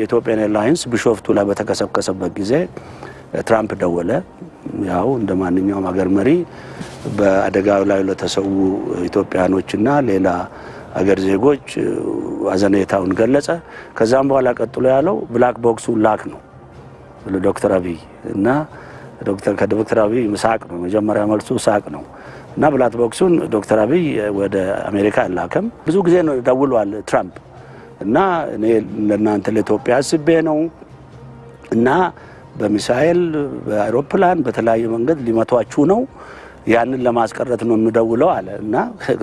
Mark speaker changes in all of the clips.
Speaker 1: የኢትዮጵያን ኤርላይንስ ቢሾፍቱ ላይ በተከሰከሰበት ጊዜ ትራምፕ ደወለ። ያው እንደ ማንኛውም ሀገር መሪ በአደጋ ላይ ለተሰዉ ኢትዮጵያኖችና ሌላ አገር ዜጎች አዘኔታውን ገለጸ። ከዛም በኋላ ቀጥሎ ያለው ብላክ ቦክሱ ላክ ነው ዶክተር አብይ እና ዶክተር ከዶክተር አብይ ሳቅ ነው መጀመሪያ መልሱ ሳቅ ነው እና ብላክ ቦክሱን ዶክተር አብይ ወደ አሜሪካ አላከም። ብዙ ጊዜ ነው ደውሏል ትራምፕ እና እኔ ለእናንተ ለኢትዮጵያ አስቤ ነው እና በሚሳኤል በአይሮፕላን በተለያዩ መንገድ ሊመቷችሁ ነው ያንን ለማስቀረት ነው የምደውለው አለ እና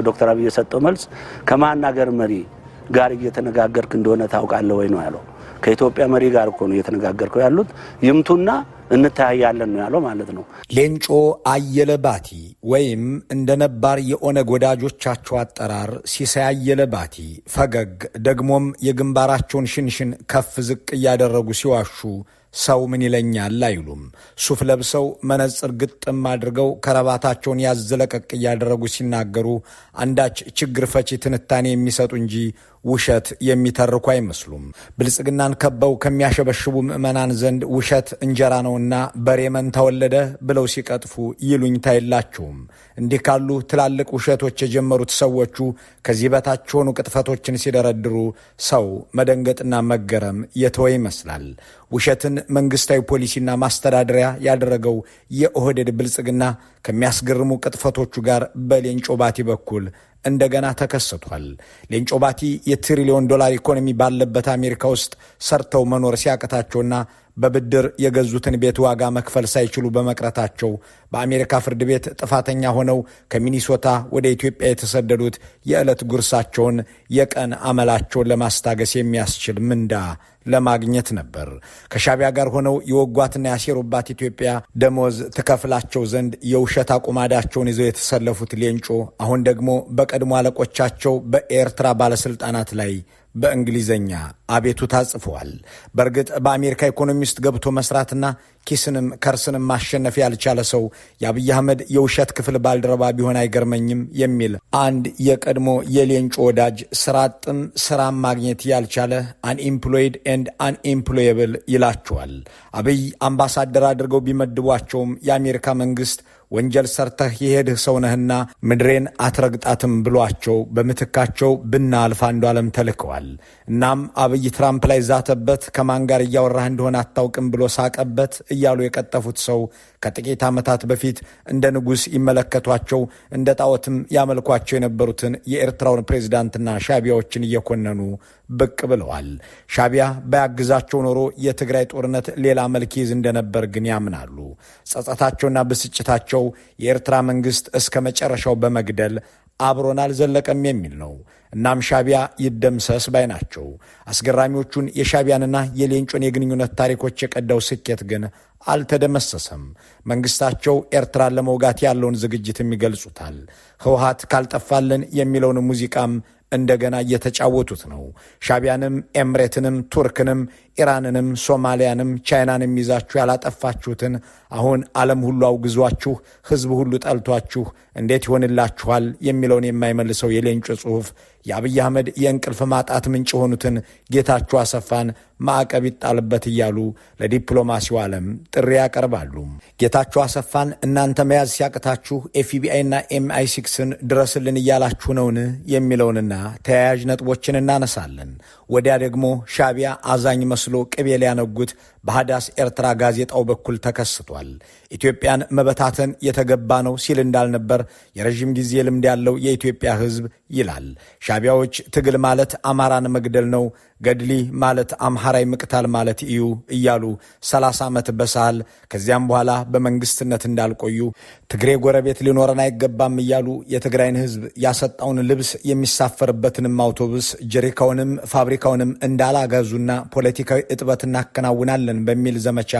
Speaker 1: ዶክተር አብይ የሰጠው መልስ ከማናገር መሪ ጋር እየተነጋገርክ እንደሆነ ታውቃለህ ወይ ነው ያለው። ከኢትዮጵያ መሪ ጋር እኮ ነው እየተነጋገርከው ያሉት ይምቱና እንተያያለን ነው ያለው ማለት ነው።
Speaker 2: ሌንጮ አየለ ባቲ ወይም እንደ ነባር የኦነግ ወዳጆቻቸው አጠራር ሲሳይ አየለ ባቲ ፈገግ ደግሞም የግንባራቸውን ሽንሽን ከፍ ዝቅ እያደረጉ ሲዋሹ ሰው ምን ይለኛል አይሉም። ሱፍ ለብሰው መነጽር ግጥም አድርገው ከረባታቸውን ያዘለቀቅ እያደረጉ ሲናገሩ አንዳች ችግር ፈቺ ትንታኔ የሚሰጡ እንጂ ውሸት የሚተርኩ አይመስሉም። ብልጽግናን ከበው ከሚያሸበሽቡ ምዕመናን ዘንድ ውሸት እንጀራ ነውና በሬመን ተወለደ ብለው ሲቀጥፉ ይሉኝታ የላቸውም። እንዲህ ካሉ ትላልቅ ውሸቶች የጀመሩት ሰዎቹ ከዚህ በታች የሆኑ ቅጥፈቶችን ሲደረድሩ ሰው መደንገጥና መገረም የተወ ይመስላል። ውሸትን መንግስታዊ ፖሊሲና ማስተዳደሪያ ያደረገው የኦህዴድ ብልጽግና ከሚያስገርሙ ቅጥፈቶቹ ጋር በሌንጮ ባቲ በኩል እንደገና ተከስቷል። ሌንጮ ባቲ የትሪሊዮን ዶላር ኢኮኖሚ ባለበት አሜሪካ ውስጥ ሰርተው መኖር ሲያቅታቸውና በብድር የገዙትን ቤት ዋጋ መክፈል ሳይችሉ በመቅረታቸው በአሜሪካ ፍርድ ቤት ጥፋተኛ ሆነው ከሚኒሶታ ወደ ኢትዮጵያ የተሰደዱት የዕለት ጉርሳቸውን፣ የቀን አመላቸውን ለማስታገስ የሚያስችል ምንዳ ለማግኘት ነበር። ከሻቢያ ጋር ሆነው የወጓትና ያሴሩባት ኢትዮጵያ ደሞዝ ትከፍላቸው ዘንድ የውሸት አቁማዳቸውን ይዘው የተሰለፉት ሌንጮ አሁን ደግሞ በቀድሞ አለቆቻቸው በኤርትራ ባለስልጣናት ላይ በእንግሊዘኛ አቤቱታ ጽፈዋል። በእርግጥ በአሜሪካ ኢኮኖሚስት ገብቶ መስራትና ኪስንም ከርስንም ማሸነፍ ያልቻለ ሰው የአብይ አህመድ የውሸት ክፍል ባልደረባ ቢሆን አይገርመኝም የሚል አንድ የቀድሞ የሌንጮ ወዳጅ ስራ አጥም ስራም ማግኘት ያልቻለ አንኤምፕሎይድ ኤንድ አንኤምፕሎየብል ይላቸዋል። አብይ አምባሳደር አድርገው ቢመድቧቸውም የአሜሪካ መንግስት ወንጀል ሰርተህ የሄድህ ሰውነህና ምድሬን አትረግጣትም ብሏቸው በምትካቸው ብና አልፋ አንዱ ዓለም ተልከዋል። እናም አብይ ትራምፕ ላይ ዛተበት። ከማን ጋር እያወራህ እንደሆነ አታውቅም ብሎ ሳቀበት እያሉ የቀጠፉት ሰው ከጥቂት ዓመታት በፊት እንደ ንጉሥ ይመለከቷቸው እንደ ጣዖትም ያመልኳቸው የነበሩትን የኤርትራውን ፕሬዚዳንትና ሻቢያዎችን እየኮነኑ ብቅ ብለዋል። ሻቢያ ባያግዛቸው ኖሮ የትግራይ ጦርነት ሌላ መልክ ይዝ እንደነበር ግን ያምናሉ። ጸጸታቸውና ብስጭታቸው ያለው የኤርትራ መንግስት እስከ መጨረሻው በመግደል አብሮን አልዘለቀም የሚል ነው። እናም ሻቢያ ይደምሰስ ባይ ናቸው። አስገራሚዎቹን የሻቢያንና የሌንጮን የግንኙነት ታሪኮች የቀዳው ስኬት ግን አልተደመሰሰም። መንግስታቸው ኤርትራን ለመውጋት ያለውን ዝግጅትም ይገልጹታል። ህውሃት ካልጠፋልን የሚለውን ሙዚቃም እንደገና እየተጫወቱት ነው። ሻቢያንም ኤምሬትንም ቱርክንም ኢራንንም ሶማሊያንም ቻይናንም ይዛችሁ ያላጠፋችሁትን አሁን ዓለም ሁሉ አውግዟችሁ ሕዝብ ሁሉ ጠልቷችሁ እንዴት ይሆንላችኋል የሚለውን የማይመልሰው የሌንጮ ጽሑፍ የአብይ አህመድ የእንቅልፍ ማጣት ምንጭ የሆኑትን ጌታችሁ አሰፋን ማዕቀብ ይጣልበት እያሉ ለዲፕሎማሲው ዓለም ጥሪ ያቀርባሉ። ጌታችሁ አሰፋን እናንተ መያዝ ሲያቅታችሁ ኤፍቢአይና ኤምአይ ሲክስን ድረስልን እያላችሁ ነውን የሚለውንና ተያያዥ ነጥቦችን እናነሳለን። ወዲያ ደግሞ ሻቢያ አዛኝ መስ መስሎ ቅቤ ሊያነጉት በሃዳስ ኤርትራ ጋዜጣው በኩል ተከስቷል። ኢትዮጵያን መበታተን የተገባ ነው ሲል እንዳልነበር የረዥም ጊዜ ልምድ ያለው የኢትዮጵያ ሕዝብ ይላል። ሻቢያዎች ትግል ማለት አማራን መግደል ነው፣ ገድሊ ማለት አምሐራይ ምቅታል ማለት እዩ እያሉ 30 ዓመት በሳል ከዚያም በኋላ በመንግስትነት እንዳልቆዩ ትግሬ ጎረቤት ሊኖረን አይገባም እያሉ የትግራይን ሕዝብ ያሰጣውን ልብስ የሚሳፈርበትንም አውቶቡስ ጀሪካውንም ፋብሪካውንም እንዳላጋዙና ፖለቲካዊ እጥበት እናከናውናለን እንገድላለን በሚል ዘመቻ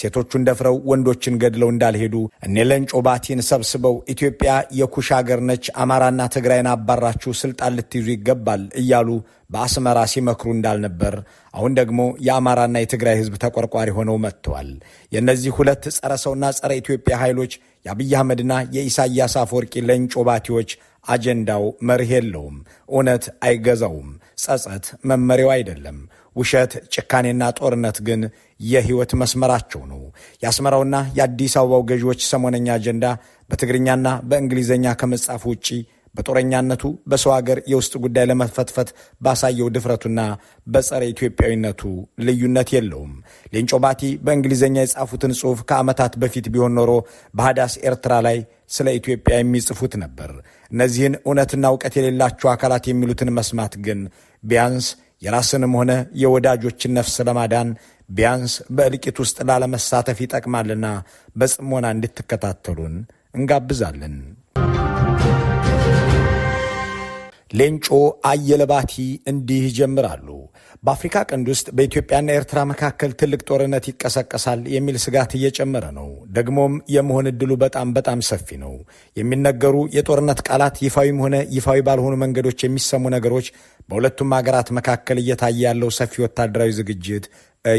Speaker 2: ሴቶቹን ደፍረው ወንዶችን ገድለው እንዳልሄዱ እኔ ለንጮ ባቲን ሰብስበው ኢትዮጵያ የኩሽ ሀገር ነች፣ አማራና ትግራይን አባራችሁ ስልጣን ልትይዙ ይገባል እያሉ በአስመራ ሲመክሩ እንዳልነበር አሁን ደግሞ የአማራና የትግራይ ህዝብ ተቆርቋሪ ሆነው መጥተዋል። የእነዚህ ሁለት ጸረ ሰውና ጸረ ኢትዮጵያ ኃይሎች የአብይ አህመድና የኢሳያስ አፈወርቂ ለንጮ ባቲዎች አጀንዳው መርህ የለውም፣ እውነት አይገዛውም፣ ጸጸት መመሪያው አይደለም። ውሸት፣ ጭካኔና ጦርነት ግን የህይወት መስመራቸው ነው። የአስመራውና የአዲስ አበባው ገዢዎች ሰሞነኛ አጀንዳ በትግርኛና በእንግሊዝኛ ከመጻፉ ውጪ በጦረኛነቱ በሰው ሀገር የውስጥ ጉዳይ ለመፈትፈት ባሳየው ድፍረቱና በጸረ ኢትዮጵያዊነቱ ልዩነት የለውም። ሌንጮ ባቲ በእንግሊዝኛ የጻፉትን ጽሑፍ ከዓመታት በፊት ቢሆን ኖሮ በሃዳስ ኤርትራ ላይ ስለ ኢትዮጵያ የሚጽፉት ነበር። እነዚህን እውነትና እውቀት የሌላቸው አካላት የሚሉትን መስማት ግን ቢያንስ የራስንም ሆነ የወዳጆችን ነፍስ ለማዳን ቢያንስ በእልቂት ውስጥ ላለመሳተፍ ይጠቅማልና በጽሞና እንድትከታተሉን እንጋብዛለን። ሌንጮ አየለባቲ እንዲህ ይጀምራሉ። በአፍሪካ ቀንድ ውስጥ በኢትዮጵያና ኤርትራ መካከል ትልቅ ጦርነት ይቀሰቀሳል የሚል ስጋት እየጨመረ ነው። ደግሞም የመሆን እድሉ በጣም በጣም ሰፊ ነው። የሚነገሩ የጦርነት ቃላት ይፋዊም ሆነ ይፋዊ ባልሆኑ መንገዶች የሚሰሙ ነገሮች፣ በሁለቱም ሀገራት መካከል እየታየ ያለው ሰፊ ወታደራዊ ዝግጅት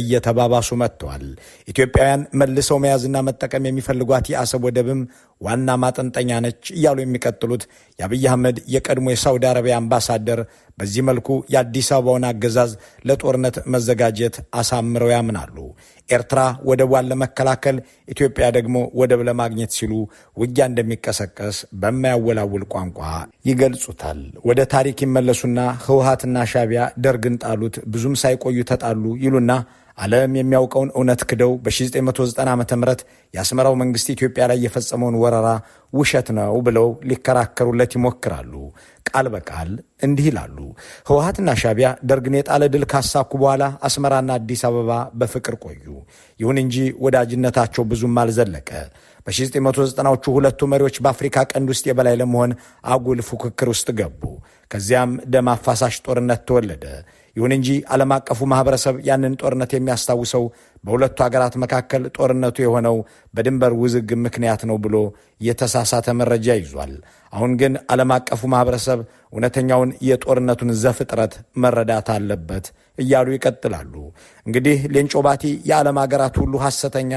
Speaker 2: እየተባባሱ መጥተዋል። ኢትዮጵያውያን መልሰው መያዝና መጠቀም የሚፈልጓት የአሰብ ወደብም ዋና ማጠንጠኛ ነች እያሉ የሚቀጥሉት የአብይ አህመድ የቀድሞ የሳውዲ አረቢያ አምባሳደር በዚህ መልኩ የአዲስ አበባውን አገዛዝ ለጦርነት መዘጋጀት አሳምረው ያምናሉ። ኤርትራ ወደቧን ለመከላከል፣ ኢትዮጵያ ደግሞ ወደብ ለማግኘት ሲሉ ውጊያ እንደሚቀሰቀስ በማያወላውል ቋንቋ ይገልጹታል። ወደ ታሪክ ይመለሱና ህውሃትና ሻቢያ ደርግን ጣሉት፣ ብዙም ሳይቆዩ ተጣሉ ይሉና ዓለም የሚያውቀውን እውነት ክደው በ1990 ዓ ም የአስመራው መንግስት ኢትዮጵያ ላይ የፈጸመውን ወረራ ውሸት ነው ብለው ሊከራከሩለት ይሞክራሉ። ቃል በቃል እንዲህ ይላሉ። ህወሀትና ሻቢያ ደርግን የጣለ ድል ካሳኩ በኋላ አስመራና አዲስ አበባ በፍቅር ቆዩ። ይሁን እንጂ ወዳጅነታቸው ብዙም አልዘለቀ። በ1990ዎቹ ሁለቱ መሪዎች በአፍሪካ ቀንድ ውስጥ የበላይ ለመሆን አጉል ፉክክር ውስጥ ገቡ። ከዚያም ደም አፋሳሽ ጦርነት ተወለደ። ይሁን እንጂ ዓለም አቀፉ ማህበረሰብ ያንን ጦርነት የሚያስታውሰው በሁለቱ ሀገራት መካከል ጦርነቱ የሆነው በድንበር ውዝግብ ምክንያት ነው ብሎ የተሳሳተ መረጃ ይዟል። አሁን ግን ዓለም አቀፉ ማህበረሰብ እውነተኛውን የጦርነቱን ዘፍጥረት መረዳት አለበት እያሉ ይቀጥላሉ። እንግዲህ ሌንጮ ባቲ የዓለም ሀገራት ሁሉ ሐሰተኛ፣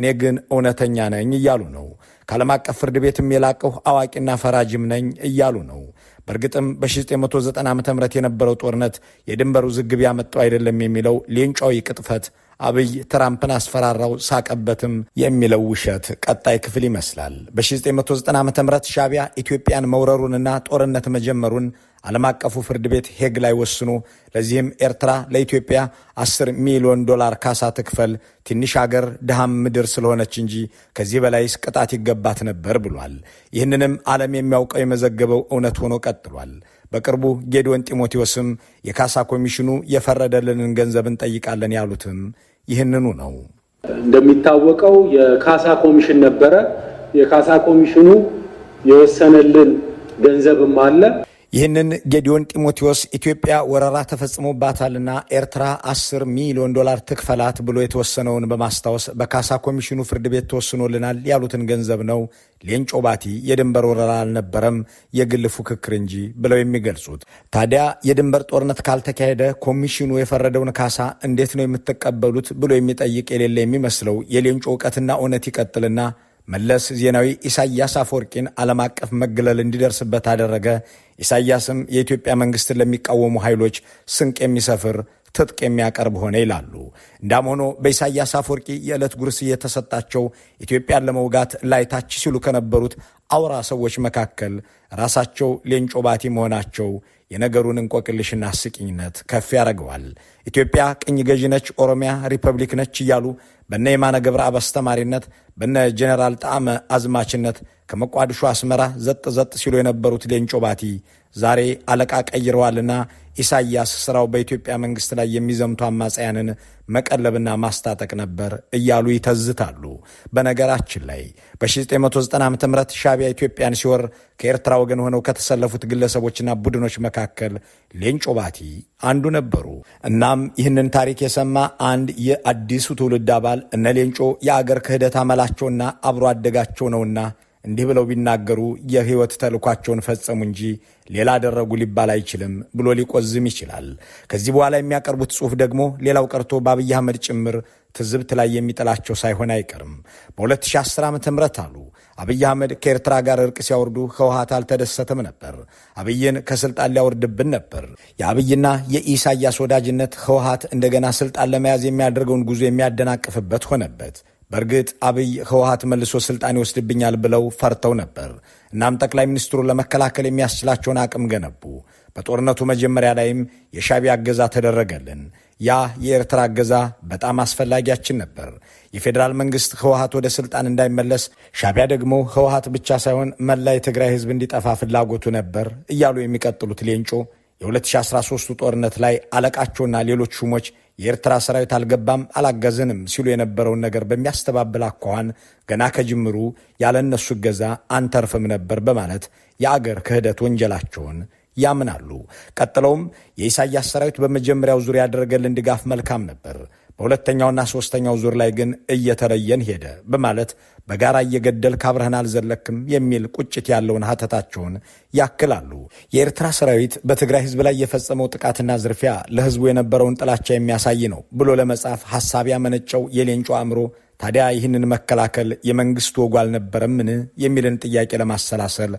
Speaker 2: እኔ ግን እውነተኛ ነኝ እያሉ ነው። ከዓለም አቀፍ ፍርድ ቤትም የላቀሁ አዋቂና ፈራጅም ነኝ እያሉ ነው። በእርግጥም በ1990 ዓ ም የነበረው ጦርነት የድንበር ውዝግብ ያመጣው አይደለም የሚለው ሌንጫዊ ቅጥፈት አብይ ትራምፕን አስፈራራው ሳቀበትም የሚለው ውሸት ቀጣይ ክፍል ይመስላል። በ1990 ዓ ም ሻቢያ ኢትዮጵያን መውረሩንና ጦርነት መጀመሩን ዓለም አቀፉ ፍርድ ቤት ሄግ ላይ ወስኖ ለዚህም ኤርትራ ለኢትዮጵያ 10 ሚሊዮን ዶላር ካሳ ትክፈል፣ ትንሽ አገር ድሃም ምድር ስለሆነች እንጂ ከዚህ በላይስ ቅጣት ይገባት ነበር ብሏል። ይህንንም ዓለም የሚያውቀው የመዘገበው እውነት ሆኖ ቀጥሏል። በቅርቡ ጌዲዮን ጢሞቴዎስም የካሳ ኮሚሽኑ የፈረደልንን ገንዘብ እንጠይቃለን ያሉትም ይህንኑ ነው።
Speaker 3: እንደሚታወቀው የካሳ ኮሚሽን ነበረ። የካሳ ኮሚሽኑ የወሰነልን ገንዘብም አለ
Speaker 2: ይህንን ጌዲዮን ጢሞቴዎስ ኢትዮጵያ ወረራ ተፈጽሞባታልና ኤርትራ 10 ሚሊዮን ዶላር ትክፈላት ብሎ የተወሰነውን በማስታወስ በካሳ ኮሚሽኑ ፍርድ ቤት ተወስኖልናል ያሉትን ገንዘብ ነው ሌንጮ ባቲ የድንበር ወረራ አልነበረም የግል ፉክክር እንጂ ብለው የሚገልጹት። ታዲያ የድንበር ጦርነት ካልተካሄደ ኮሚሽኑ የፈረደውን ካሳ እንዴት ነው የምትቀበሉት ብሎ የሚጠይቅ የሌለ የሚመስለው የሌንጮ እውቀትና እውነት ይቀጥልና መለስ ዜናዊ ኢሳያስ አፈወርቂን ዓለም አቀፍ መግለል እንዲደርስበት አደረገ። ኢሳያስም የኢትዮጵያ መንግስትን ለሚቃወሙ ኃይሎች ስንቅ የሚሰፍር ትጥቅ የሚያቀርብ ሆነ ይላሉ። እንዳም ሆኖ በኢሳያስ አፈወርቂ የዕለት ጉርስ እየተሰጣቸው ኢትዮጵያን ለመውጋት ላይታች ሲሉ ከነበሩት አውራ ሰዎች መካከል ራሳቸው ሌንጮ ባቲ መሆናቸው የነገሩን እንቆቅልሽና አስቂኝነት ከፍ ያደርገዋል። ኢትዮጵያ ቅኝ ገዢ ነች፣ ኦሮሚያ ሪፐብሊክ ነች እያሉ በነ የማነ ገብረአብ አስተማሪነት በነ ጄኔራል ጣዕመ አዝማችነት ከመቋድሹ አስመራ ዘጥ ዘጥ ሲሉ የነበሩት ሌንጮ ባቲ ዛሬ አለቃ ቀይረዋልና ኢሳያስ ስራው በኢትዮጵያ መንግስት ላይ የሚዘምቱ አማጽያንን መቀለብና ማስታጠቅ ነበር እያሉ ይተዝታሉ። በነገራችን ላይ በ1990 ዓ ም ሻቢያ ኢትዮጵያን ሲወር ከኤርትራ ወገን ሆነው ከተሰለፉት ግለሰቦችና ቡድኖች መካከል ሌንጮ ባቲ አንዱ ነበሩ። እናም ይህንን ታሪክ የሰማ አንድ የአዲሱ ትውልድ አባል እነ ሌንጮ የአገር ክህደት አመላቸውና አብሮ አደጋቸው ነውና እንዲህ ብለው ቢናገሩ የህይወት ተልኳቸውን ፈጸሙ እንጂ ሌላ አደረጉ ሊባል አይችልም ብሎ ሊቆዝም ይችላል። ከዚህ በኋላ የሚያቀርቡት ጽሑፍ ደግሞ ሌላው ቀርቶ በአብይ አህመድ ጭምር ትዝብት ላይ የሚጥላቸው ሳይሆን አይቀርም። በ2010 ዓ ም አሉ አብይ አህመድ ከኤርትራ ጋር እርቅ ሲያወርዱ ህወሓት አልተደሰተም ነበር። አብይን ከስልጣን ሊያወርድብን ነበር። የአብይና የኢሳያስ ወዳጅነት ህወሓት እንደገና ስልጣን ለመያዝ የሚያደርገውን ጉዞ የሚያደናቅፍበት ሆነበት። በእርግጥ አብይ ህወሀት መልሶ ስልጣን ይወስድብኛል ብለው ፈርተው ነበር። እናም ጠቅላይ ሚኒስትሩ ለመከላከል የሚያስችላቸውን አቅም ገነቡ። በጦርነቱ መጀመሪያ ላይም የሻቢያ እገዛ ተደረገልን። ያ የኤርትራ እገዛ በጣም አስፈላጊያችን ነበር። የፌዴራል መንግስት ህወሀት ወደ ስልጣን እንዳይመለስ፣ ሻቢያ ደግሞ ህወሀት ብቻ ሳይሆን መላ የትግራይ ህዝብ እንዲጠፋ ፍላጎቱ ነበር እያሉ የሚቀጥሉት ሌንጮ የ2013ቱ ጦርነት ላይ አለቃቸውና ሌሎች ሹሞች የኤርትራ ሰራዊት አልገባም አላገዘንም ሲሉ የነበረውን ነገር በሚያስተባብል አኳኋን ገና ከጅምሩ ያለ እነሱ እገዛ አንተርፍም ነበር በማለት የአገር ክህደት ወንጀላቸውን ያምናሉ። ቀጥለውም የኢሳያስ ሰራዊት በመጀመሪያው ዙር ያደረገልን ድጋፍ መልካም ነበር በሁለተኛውና ሦስተኛው ዙር ላይ ግን እየተለየን ሄደ በማለት በጋራ እየገደል ካብረህን አልዘለክም የሚል ቁጭት ያለውን ሀተታቸውን ያክላሉ። የኤርትራ ሰራዊት በትግራይ ህዝብ ላይ የፈጸመው ጥቃትና ዝርፊያ ለህዝቡ የነበረውን ጥላቻ የሚያሳይ ነው ብሎ ለመጻፍ ሐሳብ ያመነጨው የሌንጮ አእምሮ ታዲያ ይህንን መከላከል የመንግስት ወጉ አልነበረምን የሚልን ጥያቄ ለማሰላሰል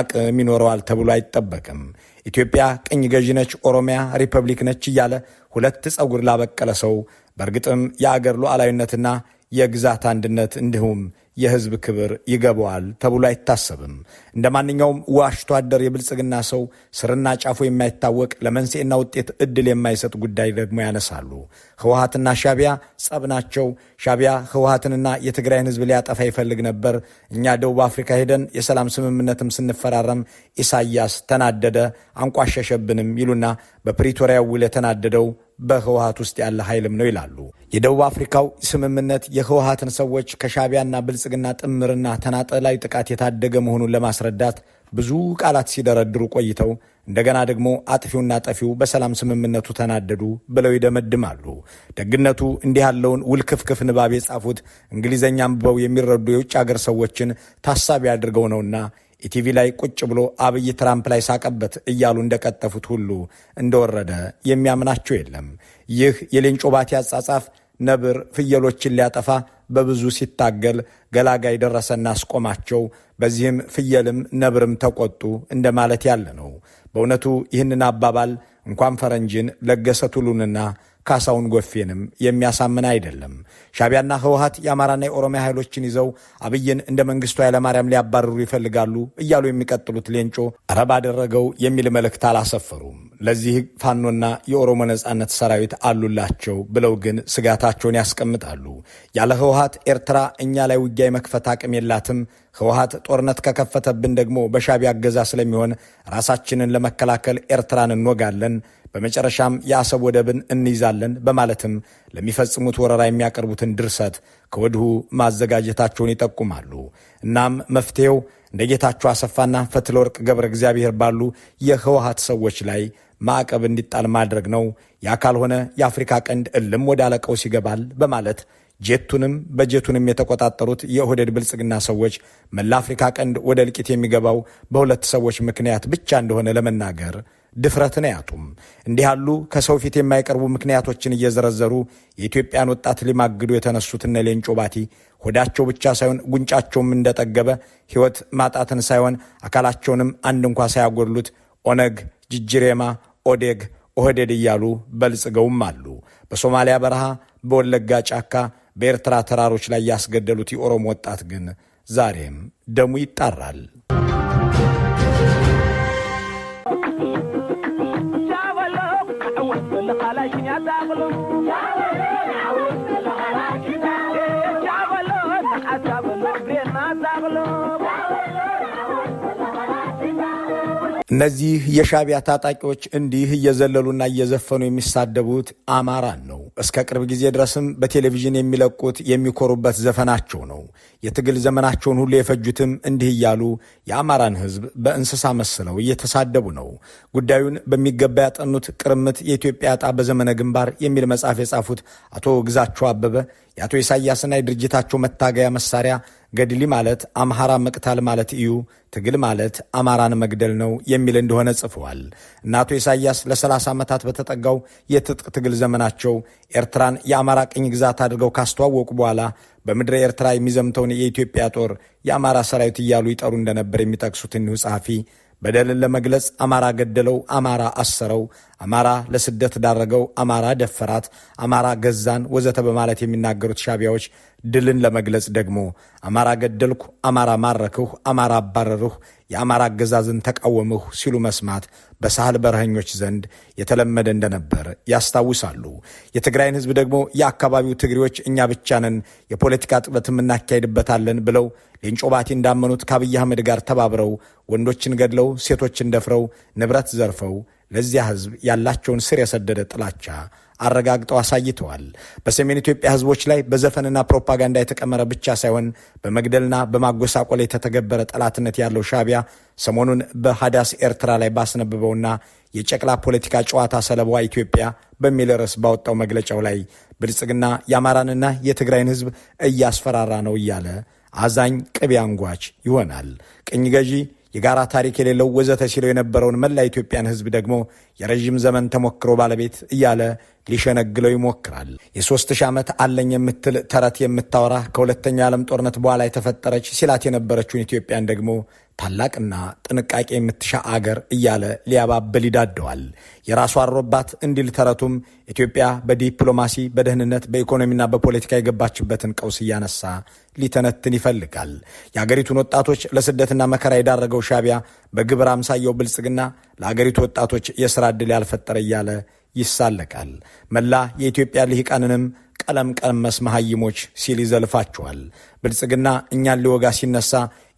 Speaker 2: አቅም ይኖረዋል ተብሎ አይጠበቅም። ኢትዮጵያ ቅኝ ገዢ ነች፣ ኦሮሚያ ሪፐብሊክ ነች እያለ ሁለት ጸጉር ላበቀለ ሰው በእርግጥም የአገር ሉዓላዊነትና የግዛት አንድነት እንዲሁም የህዝብ ክብር ይገባዋል ተብሎ አይታሰብም። እንደ ማንኛውም ዋሽቶ አደር የብልጽግና ሰው ስርና ጫፉ የማይታወቅ ለመንስኤና ውጤት እድል የማይሰጥ ጉዳይ ደግሞ ያነሳሉ። ህወሀትና ሻቢያ ጸብ ናቸው። ሻቢያ ህወሀትንና የትግራይን ህዝብ ሊያጠፋ ይፈልግ ነበር። እኛ ደቡብ አፍሪካ ሄደን የሰላም ስምምነትም ስንፈራረም ኢሳያስ ተናደደ፣ አንቋሸሸብንም ይሉና በፕሪቶሪያው ውል የተናደደው በህወሀት ውስጥ ያለ ኃይልም ነው ይላሉ። የደቡብ አፍሪካው ስምምነት የህወሀትን ሰዎች ከሻቢያና ብልጽግና ጥምርና ተናጠላዊ ጥቃት የታደገ መሆኑን ለማስረዳት ብዙ ቃላት ሲደረድሩ ቆይተው እንደገና ደግሞ አጥፊውና ጠፊው በሰላም ስምምነቱ ተናደዱ ብለው ይደመድማሉ። ደግነቱ እንዲህ ያለውን ውልክፍክፍ ንባብ የጻፉት እንግሊዘኛ አንብበው የሚረዱ የውጭ አገር ሰዎችን ታሳቢ አድርገው ነውና ኢቲቪ ላይ ቁጭ ብሎ አብይ ትራምፕ ላይ ሳቀበት እያሉ እንደቀጠፉት ሁሉ እንደወረደ የሚያምናቸው የለም። ይህ የሌንጮ ባቲ አጻጻፍ ነብር ፍየሎችን ሊያጠፋ በብዙ ሲታገል ገላጋይ ደረሰና አስቆማቸው። በዚህም ፍየልም ነብርም ተቆጡ እንደማለት ያለ ነው። በእውነቱ ይህንን አባባል እንኳን ፈረንጅን ለገሰ ቱሉንና ካሳውን ጎፌንም የሚያሳምን አይደለም። ሻቢያና ህወሀት የአማራና የኦሮሚያ ኃይሎችን ይዘው አብይን እንደ መንግስቱ ኃይለማርያም ሊያባርሩ ይፈልጋሉ እያሉ የሚቀጥሉት ሌንጮ ረብ አደረገው የሚል መልእክት አላሰፈሩም። ለዚህ ፋኖና የኦሮሞ ነጻነት ሰራዊት አሉላቸው ብለው ግን ስጋታቸውን ያስቀምጣሉ። ያለ ህወሀት ኤርትራ እኛ ላይ ውጊያ የመክፈት አቅም የላትም። ህወሀት ጦርነት ከከፈተብን ደግሞ በሻቢያ እገዛ ስለሚሆን ራሳችንን ለመከላከል ኤርትራን እንወጋለን። በመጨረሻም የአሰብ ወደብን እንይዛለን በማለትም ለሚፈጽሙት ወረራ የሚያቀርቡትን ድርሰት ከወዲሁ ማዘጋጀታቸውን ይጠቁማሉ። እናም መፍትሄው እንደ ጌታቸው አሰፋና ፈትለወርቅ ገብረ እግዚአብሔር ባሉ የህወሀት ሰዎች ላይ ማዕቀብ እንዲጣል ማድረግ ነው። ያ ካልሆነ የአፍሪካ ቀንድ እልም ወደ አለቀው ሲገባል በማለት ጄቱንም በጀቱንም የተቆጣጠሩት የኦህዴድ ብልጽግና ሰዎች መላ አፍሪካ ቀንድ ወደ እልቂት የሚገባው በሁለት ሰዎች ምክንያት ብቻ እንደሆነ ለመናገር ድፍረትን አያጡም። እንዲህ ያሉ ከሰው ፊት የማይቀርቡ ምክንያቶችን እየዘረዘሩ የኢትዮጵያን ወጣት ሊማግዱ የተነሱት እነ ሌንጮ ባቲ ሆዳቸው ብቻ ሳይሆን ጉንጫቸውም እንደጠገበ ሕይወት ማጣትን ሳይሆን አካላቸውንም አንድ እንኳ ሳያጎድሉት ኦነግ፣ ጅጅሬማ፣ ኦዴግ፣ ኦህዴድ እያሉ በልጽገውም አሉ። በሶማሊያ በረሃ፣ በወለጋ ጫካ፣ በኤርትራ ተራሮች ላይ ያስገደሉት የኦሮሞ ወጣት ግን ዛሬም ደሙ ይጣራል። kalashin ya zaɓi እነዚህ የሻቢያ ታጣቂዎች እንዲህ እየዘለሉና እየዘፈኑ የሚሳደቡት አማራን ነው። እስከ ቅርብ ጊዜ ድረስም በቴሌቪዥን የሚለቁት የሚኮሩበት ዘፈናቸው ነው። የትግል ዘመናቸውን ሁሉ የፈጁትም እንዲህ እያሉ የአማራን ሕዝብ በእንስሳ መስለው እየተሳደቡ ነው። ጉዳዩን በሚገባ ያጠኑት ቅርምት የኢትዮጵያ ዕጣ በዘመነ ግንባር የሚል መጽሐፍ የጻፉት አቶ ግዛቸው አበበ የአቶ ኢሳያስና የድርጅታቸው መታገያ መሳሪያ ገድሊ ማለት አምሃራ መቅታል ማለት እዩ፣ ትግል ማለት አማራን መግደል ነው የሚል እንደሆነ ጽፈዋል። እነ አቶ ኢሳያስ ለ30 ዓመታት በተጠጋው የትጥቅ ትግል ዘመናቸው ኤርትራን የአማራ ቅኝ ግዛት አድርገው ካስተዋወቁ በኋላ በምድረ ኤርትራ የሚዘምተውን የኢትዮጵያ ጦር የአማራ ሰራዊት እያሉ ይጠሩ እንደነበር የሚጠቅሱት እኒሁ ጸሐፊ በደልን ለመግለጽ አማራ ገደለው፣ አማራ አሰረው፣ አማራ ለስደት ዳረገው፣ አማራ ደፈራት፣ አማራ ገዛን ወዘተ በማለት የሚናገሩት ሻቢያዎች ድልን ለመግለጽ ደግሞ አማራ ገደልኩ፣ አማራ ማረክሁ፣ አማራ አባረርሁ፣ የአማራ አገዛዝን ተቃወምሁ ሲሉ መስማት በሳህል በረሃኞች ዘንድ የተለመደ እንደነበር ያስታውሳሉ። የትግራይን ህዝብ ደግሞ የአካባቢው ትግሬዎች እኛ ብቻ ነን፣ የፖለቲካ ጥበት እናካሄድበታለን ብለው ሌንጮ ባቲ እንዳመኑት ከአብይ አህመድ ጋር ተባብረው ወንዶችን ገድለው ሴቶችን ደፍረው ንብረት ዘርፈው ለዚያ ህዝብ ያላቸውን ስር የሰደደ ጥላቻ አረጋግጠው አሳይተዋል። በሰሜን ኢትዮጵያ ህዝቦች ላይ በዘፈንና ፕሮፓጋንዳ የተቀመረ ብቻ ሳይሆን በመግደልና በማጎሳቆል የተተገበረ ጠላትነት ያለው ሻቢያ ሰሞኑን በሃዳስ ኤርትራ ላይ ባስነብበውና የጨቅላ ፖለቲካ ጨዋታ ሰለባዋ ኢትዮጵያ በሚል ርዕስ ባወጣው መግለጫው ላይ ብልጽግና የአማራንና የትግራይን ህዝብ እያስፈራራ ነው እያለ አዛኝ ቅቤ አንጓች ይሆናል። ቅኝ ገዢ የጋራ ታሪክ የሌለው ወዘተ ሲለው የነበረውን መላ ኢትዮጵያን ሕዝብ ደግሞ የረዥም ዘመን ተሞክሮ ባለቤት እያለ ሊሸነግለው ይሞክራል። የሶስት ሺህ ዓመት አለኝ የምትል ተረት የምታወራ ከሁለተኛ ዓለም ጦርነት በኋላ የተፈጠረች ሲላት የነበረችውን ኢትዮጵያን ደግሞ ታላቅና ጥንቃቄ የምትሻ አገር እያለ ሊያባብል ይዳደዋል። የራሱ አሮባት እንዲል ተረቱም ኢትዮጵያ በዲፕሎማሲ በደህንነት፣ በኢኮኖሚና በፖለቲካ የገባችበትን ቀውስ እያነሳ ሊተነትን ይፈልጋል። የአገሪቱን ወጣቶች ለስደትና መከራ የዳረገው ሻቢያ በግብር አምሳየው ብልጽግና ለአገሪቱ ወጣቶች የሥራ ዕድል ያልፈጠረ እያለ ይሳለቃል። መላ የኢትዮጵያ ልሂቃንንም ቀለም ቀመስ መሐይሞች ሲል ይዘልፋችኋል። ብልጽግና እኛን ሊወጋ ሲነሳ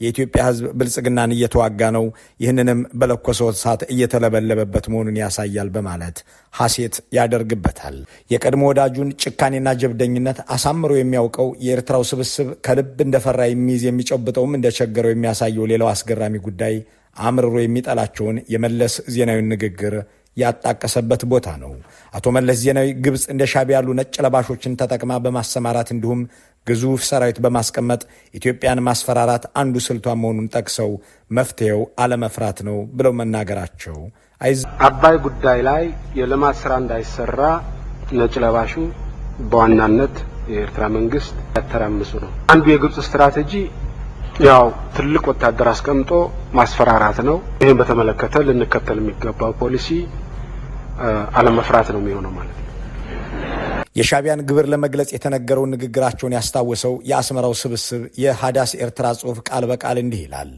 Speaker 2: የኢትዮጵያ ሕዝብ ብልጽግናን እየተዋጋ ነው፣ ይህንንም በለኮሰው እሳት እየተለበለበበት መሆኑን ያሳያል በማለት ሐሴት ያደርግበታል። የቀድሞ ወዳጁን ጭካኔና ጀብደኝነት አሳምሮ የሚያውቀው የኤርትራው ስብስብ ከልብ እንደፈራ የሚይዝ የሚጨብጠውም እንደቸገረው የሚያሳየው ሌላው አስገራሚ ጉዳይ አምርሮ የሚጠላቸውን የመለስ ዜናዊን ንግግር ያጣቀሰበት ቦታ ነው። አቶ መለስ ዜናዊ ግብፅ እንደ ሻቢ ያሉ ነጭ ለባሾችን ተጠቅማ በማሰማራት እንዲሁም ግዙፍ ሰራዊት በማስቀመጥ ኢትዮጵያን ማስፈራራት አንዱ ስልቷ መሆኑን ጠቅሰው መፍትሄው አለመፍራት ነው ብለው መናገራቸው
Speaker 3: አባይ ጉዳይ ላይ የልማት ስራ እንዳይሰራ ነጭ ለባሹ በዋናነት የኤርትራ መንግስት ያተራምሱ ነው። አንዱ የግብፅ ስትራቴጂ ያው ትልቅ ወታደር አስቀምጦ ማስፈራራት ነው። ይህን በተመለከተ ልንከተል የሚገባው ፖሊሲ አለመፍራት ነው የሚሆነው ማለት ነው።
Speaker 2: የሻቢያን ግብር ለመግለጽ የተነገረውን ንግግራቸውን ያስታወሰው የአስመራው ስብስብ የሃዳስ ኤርትራ ጽሑፍ ቃል በቃል እንዲህ ይላል።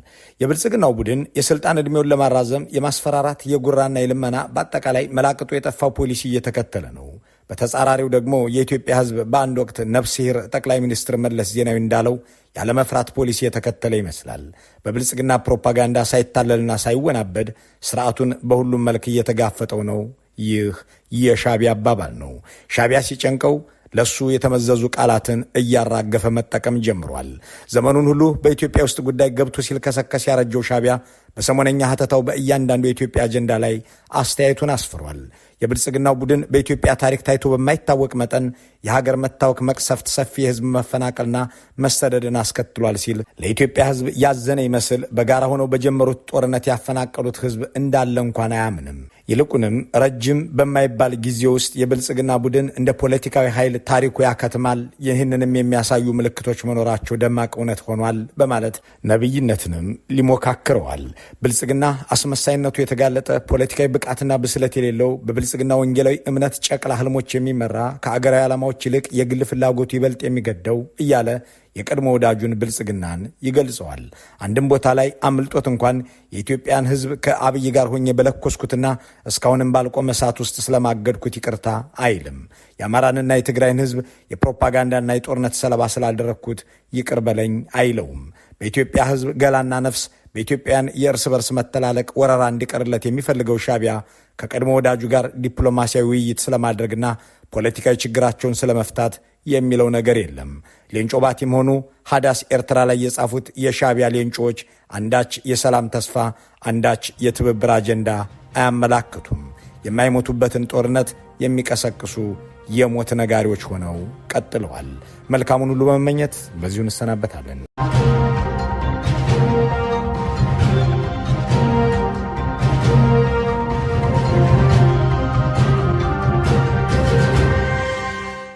Speaker 2: የብልጽግናው ቡድን የስልጣን ዕድሜውን ለማራዘም የማስፈራራት የጉራና የልመና በአጠቃላይ መላቅጡ የጠፋው ፖሊሲ እየተከተለ ነው። በተጻራሪው ደግሞ የኢትዮጵያ ሕዝብ በአንድ ወቅት ነፍስሄር ጠቅላይ ሚኒስትር መለስ ዜናዊ እንዳለው ያለመፍራት ፖሊሲ የተከተለ ይመስላል። በብልጽግና ፕሮፓጋንዳ ሳይታለልና ሳይወናበድ ስርዓቱን በሁሉም መልክ እየተጋፈጠው ነው ይህ የሻቢያ አባባል ነው። ሻቢያ ሲጨንቀው ለሱ የተመዘዙ ቃላትን እያራገፈ መጠቀም ጀምሯል። ዘመኑን ሁሉ በኢትዮጵያ ውስጥ ጉዳይ ገብቶ ሲልከሰከስ ያረጀው ሻቢያ በሰሞነኛ ሀተታው በእያንዳንዱ የኢትዮጵያ አጀንዳ ላይ አስተያየቱን አስፍሯል። የብልጽግናው ቡድን በኢትዮጵያ ታሪክ ታይቶ በማይታወቅ መጠን የሀገር መታወክ መቅሰፍት ሰፊ የህዝብ መፈናቀልና መሰደድን አስከትሏል ሲል ለኢትዮጵያ ህዝብ ያዘነ ይመስል በጋራ ሆነው በጀመሩት ጦርነት ያፈናቀሉት ህዝብ እንዳለ እንኳን አያምንም። ይልቁንም ረጅም በማይባል ጊዜ ውስጥ የብልጽግና ቡድን እንደ ፖለቲካዊ ኃይል ታሪኩ ያከትማል። ይህንንም የሚያሳዩ ምልክቶች መኖራቸው ደማቅ እውነት ሆኗል በማለት ነቢይነትንም ሊሞካክረዋል። ብልጽግና አስመሳይነቱ የተጋለጠ ፖለቲካዊ ብቃትና ብስለት የሌለው በብልጽግና ወንጌላዊ እምነት ጨቅላ ህልሞች የሚመራ ከአገራዊ ዓላማዎች ከሁኔታዎች ይልቅ የግል ፍላጎቱ ይበልጥ የሚገደው እያለ የቀድሞ ወዳጁን ብልጽግናን ይገልጸዋል። አንድም ቦታ ላይ አምልጦት እንኳን የኢትዮጵያን ሕዝብ ከአብይ ጋር ሆኜ በለኮስኩትና እስካሁንም ባልቆመ እሳት ውስጥ ስለማገድኩት ይቅርታ አይልም። የአማራንና የትግራይን ሕዝብ የፕሮፓጋንዳና የጦርነት ሰለባ ስላልደረግኩት ይቅር በለኝ አይለውም። በኢትዮጵያ ሕዝብ ገላና ነፍስ በኢትዮጵያን የእርስ በርስ መተላለቅ ወረራ እንዲቀርለት የሚፈልገው ሻቢያ ከቀድሞ ወዳጁ ጋር ዲፕሎማሲያዊ ውይይት ስለማድረግና ፖለቲካዊ ችግራቸውን ስለመፍታት የሚለው ነገር የለም። ሌንጮ ባቲም ሆኑ ሀዳስ ኤርትራ ላይ የጻፉት የሻቢያ ሌንጮዎች አንዳች የሰላም ተስፋ፣ አንዳች የትብብር አጀንዳ አያመላክቱም። የማይሞቱበትን ጦርነት የሚቀሰቅሱ የሞት ነጋሪዎች ሆነው ቀጥለዋል። መልካሙን ሁሉ በመመኘት በዚሁ እንሰናበታለን።